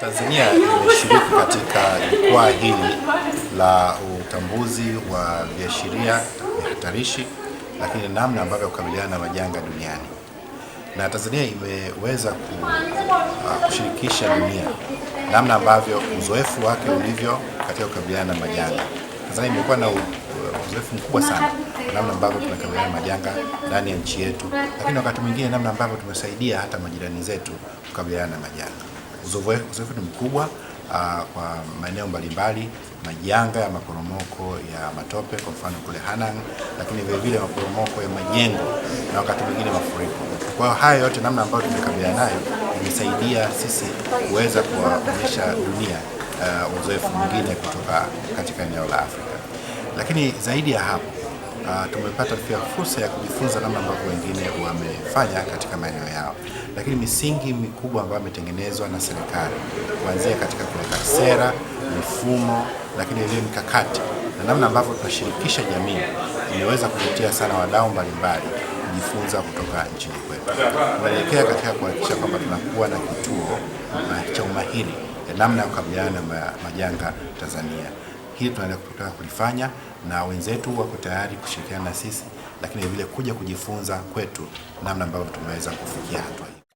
Tanzania imeshiriki katika jukwaa hili la utambuzi wa viashiria vya hatarishi, lakini namna ambavyo kukabiliana na majanga duniani, na Tanzania imeweza ah, kushirikisha dunia namna ambavyo uzoefu wake ulivyo katika kukabiliana na majanga. Tanzania imekuwa na uh, uzoefu mkubwa sana namna ambavyo tunakabiliana majanga ndani ya nchi yetu, lakini wakati mwingine namna ambavyo tumesaidia hata majirani zetu kukabiliana na majanga. Uzoefu ni mkubwa uh, kwa maeneo mbalimbali, majanga ya maporomoko ya matope kwa mfano kule Hanang, lakini vile vile maporomoko ya majengo na wakati mwingine mafuriko. Kwa hiyo haya yote, namna ambayo tumekabiliana nayo imesaidia sisi kuweza kuwaonyesha dunia ah, uzoefu mwingine kutoka katika eneo la Afrika, lakini zaidi ya hapo uh, tumepata pia fursa ya kujifunza namna ambavyo wengine wamefanya katika maeneo yao, lakini misingi mikubwa ambayo imetengenezwa na serikali kuanzia katika kuweka sera, mifumo, lakini vile mikakati na namna ambavyo tunashirikisha jamii imeweza kuvutia sana wadau mbalimbali kujifunza kutoka nchini kwetu. Tunaelekea katika kuhakikisha kwamba tunakuwa na kituo eh, cha umahiri eh, namna ya kukabiliana na majanga Tanzania. Hili tunaendelea kutaka kulifanya na wenzetu wako tayari kushirikiana na sisi, lakini vile kuja kujifunza kwetu namna ambavyo tumeweza kufikia hatua hii.